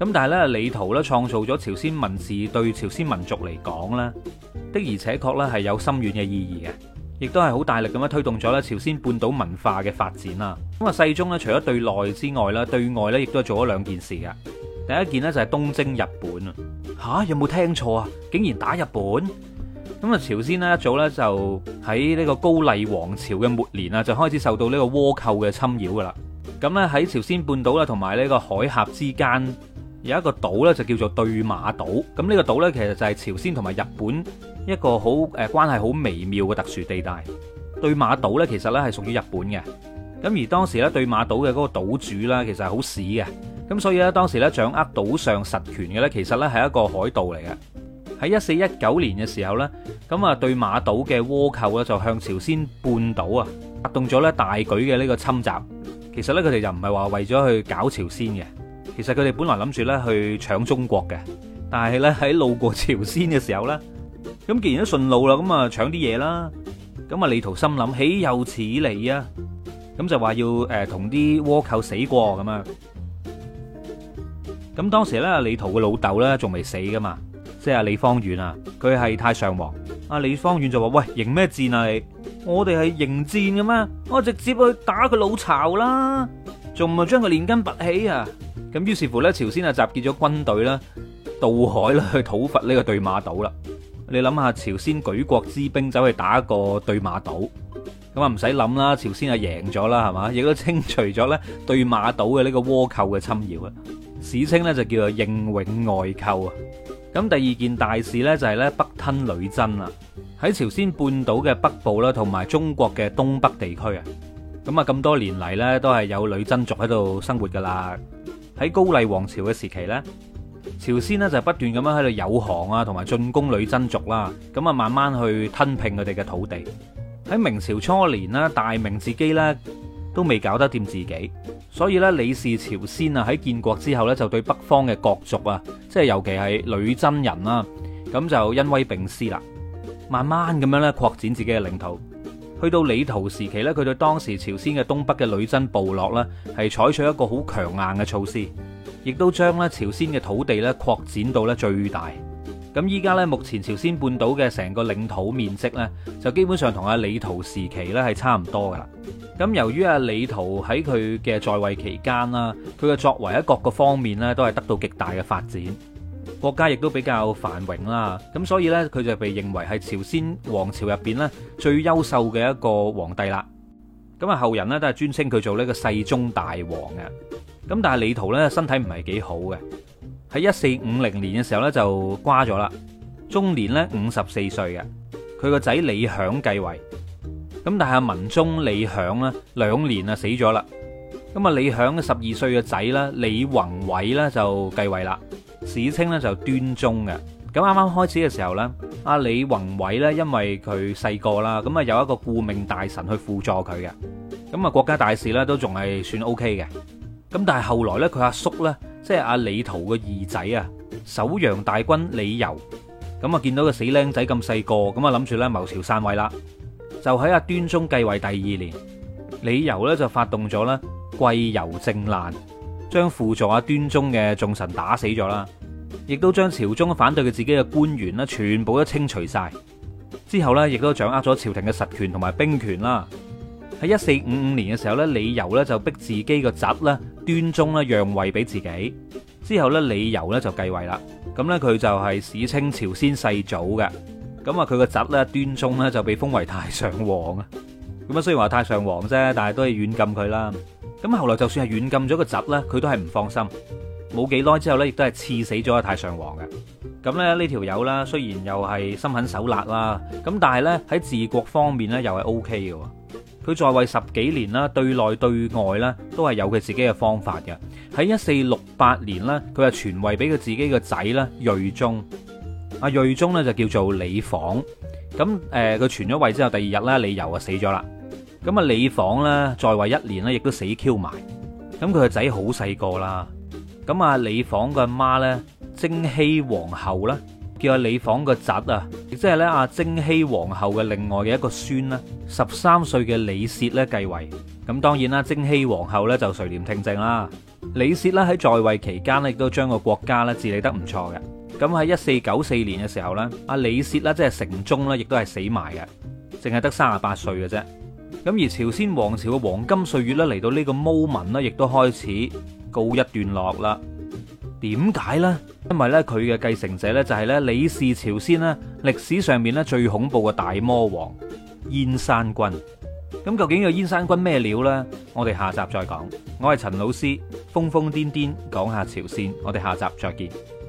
咁但係咧，李圖咧創造咗朝鮮文字，對朝鮮民族嚟講咧的而且確咧係有深遠嘅意義嘅，亦都係好大力咁樣推動咗咧朝鮮半島文化嘅發展啦。咁啊，世宗咧除咗對內之外咧，對外咧亦都做咗兩件事㗎。第一件呢就係東征日本，吓，有冇聽錯啊？竟然打日本咁啊？朝鮮呢一早咧就喺呢個高麗王朝嘅末年啊，就開始受到呢個倭寇嘅侵擾噶啦。咁咧喺朝鮮半島咧，同埋呢個海峽之間。有一個島咧，就叫做對馬島。咁、這、呢個島呢，其實就係朝鮮同埋日本一個好誒、呃、關係好微妙嘅特殊地帶。對馬島呢，其實呢係屬於日本嘅。咁而當時呢，對馬島嘅嗰個島主呢，其實係好屎嘅。咁所以呢，當時呢，掌握島上實權嘅呢，其實呢係一個海盜嚟嘅。喺一四一九年嘅時候呢，咁啊對馬島嘅倭寇呢，就向朝鮮半島啊發動咗呢大舉嘅呢個侵襲。其實呢，佢哋就唔係話為咗去搞朝鮮嘅。其實佢哋本來諗住咧去搶中國嘅，但係咧喺路過朝鮮嘅時候咧，咁既然都順路啦，咁啊搶啲嘢啦，咁啊李屠心諗豈有此理啊！咁就話要誒同啲倭寇死過咁樣。咁當時咧李屠嘅老豆咧仲未死噶嘛，即係阿李方遠啊，佢係太上皇。阿李方遠就話：喂，迎咩戰啊？你我哋係迎戰嘅嘛。我直接去打佢老巢啦，仲唔係將佢連根拔起啊？咁於是乎咧，朝鮮啊，集結咗軍隊啦，渡海啦，去討伐呢個對馬島啦。你諗下，朝鮮舉國之兵走去打一個對馬島，咁啊唔使諗啦，朝鮮啊贏咗啦，係嘛？亦都清除咗咧對馬島嘅呢個倭寇嘅侵擾啊。史稱咧就叫做應永外寇啊。咁第二件大事咧就係咧北吞女真啦。喺朝鮮半島嘅北部啦，同埋中國嘅東北地區啊，咁啊咁多年嚟咧都係有女真族喺度生活噶啦。喺高麗王朝嘅時期呢，朝鮮呢就不斷咁樣喺度誘降啊，同埋進攻女真族啦，咁啊慢慢去吞併佢哋嘅土地。喺明朝初年呢，大明自己呢都未搞得掂自己，所以呢李氏朝鮮啊喺建國之後呢，就對北方嘅各族啊，即係尤其係女真人啊，咁就恩威並施啦，慢慢咁樣咧擴展自己嘅領土。去到李祹時期咧，佢對當時朝鮮嘅東北嘅女真部落咧，係採取一個好強硬嘅措施，亦都將咧朝鮮嘅土地咧擴展到咧最大。咁依家咧目前朝鮮半島嘅成個領土面積咧，就基本上同阿李祹時期咧係差唔多噶啦。咁由於阿李祹喺佢嘅在位期間啦，佢嘅作為喺各個方面咧都係得到極大嘅發展。國家亦都比較繁榮啦，咁所以呢，佢就被認為係朝鮮王朝入邊呢最優秀嘅一個皇帝啦。咁啊後人呢，都係尊稱佢做呢個世宗大王嘅。咁但係李祹呢，身體唔係幾好嘅，喺一四五零年嘅時候呢，就瓜咗啦。終年呢，五十四歲嘅，佢個仔李享繼位。咁但係文宗，李享呢兩年啊死咗啦。咁啊李享嘅十二歲嘅仔呢，李宏緯呢，就繼位啦。史稱咧就端宗嘅，咁啱啱開始嘅時候咧，阿李弘暐咧因為佢細個啦，咁啊有一個顧命大臣去輔助佢嘅，咁啊國家大事咧都仲係算 O K 嘅，咁但係後來咧佢阿叔咧即係阿李祹嘅二仔啊，首陽大君李瑈，咁啊見到個死僆仔咁細個，咁啊諗住咧謀朝篡位啦，就喺阿端宗繼位第二年，李瑈咧就發動咗咧癸酉靖難。將輔助阿端宗嘅眾臣打死咗啦，亦都將朝中反對佢自己嘅官員咧，全部都清除晒。之後呢，亦都掌握咗朝廷嘅實權同埋兵權啦。喺一四五五年嘅時候呢，李由呢就逼自己個侄呢端宗呢讓位俾自己。之後呢，李由呢就繼位啦。咁呢，佢就係史稱朝鮮世祖嘅。咁啊，佢個侄呢端宗呢就被封為太上皇啊。咁啊，雖然話太上皇啫，但係都係軟禁佢啦。咁後來就算係軟禁咗個侄呢，佢都係唔放心。冇幾耐之後呢，亦都係刺死咗太上皇嘅。咁咧呢條友啦，雖然又係心狠手辣啦，咁但係呢，喺治國方面呢、OK，又係 O K 嘅。佢在位十幾年啦，對內對外呢，都係有佢自己嘅方法嘅。喺一四六八年呢，佢就傳位俾佢自己個仔啦，睿宗。阿睿宗呢，就叫做李房。咁誒，佢傳咗位之後，第二日呢，李由啊死咗啦。咁啊！李房咧，在位一年咧，亦都死 q 埋。咁佢個仔好細個啦。咁啊，李房個媽咧，貞熙皇后啦，叫阿李房個侄啊，亦即係咧阿貞熙皇后嘅另外嘅一個孫啦。十三歲嘅李涉咧繼位。咁當然啦，貞熙皇后咧就垂簾聽政啦。李涉呢，喺在位期間咧，亦都將個國家咧治理得唔錯嘅。咁喺一四九四年嘅時候咧，阿李涉呢，即係成宗呢，亦都係死埋嘅，淨係得三十八歲嘅啫。咁而朝鮮王朝嘅黃金歲月呢，嚟到呢個 moment 呢，亦都開始告一段落啦。點解呢？因為呢，佢嘅繼承者呢，就係呢李氏朝鮮呢歷史上面呢最恐怖嘅大魔王燕山君。咁究竟個燕山君咩料呢？我哋下集再講。我係陳老師，瘋瘋癲癲講下朝鮮。我哋下集再見。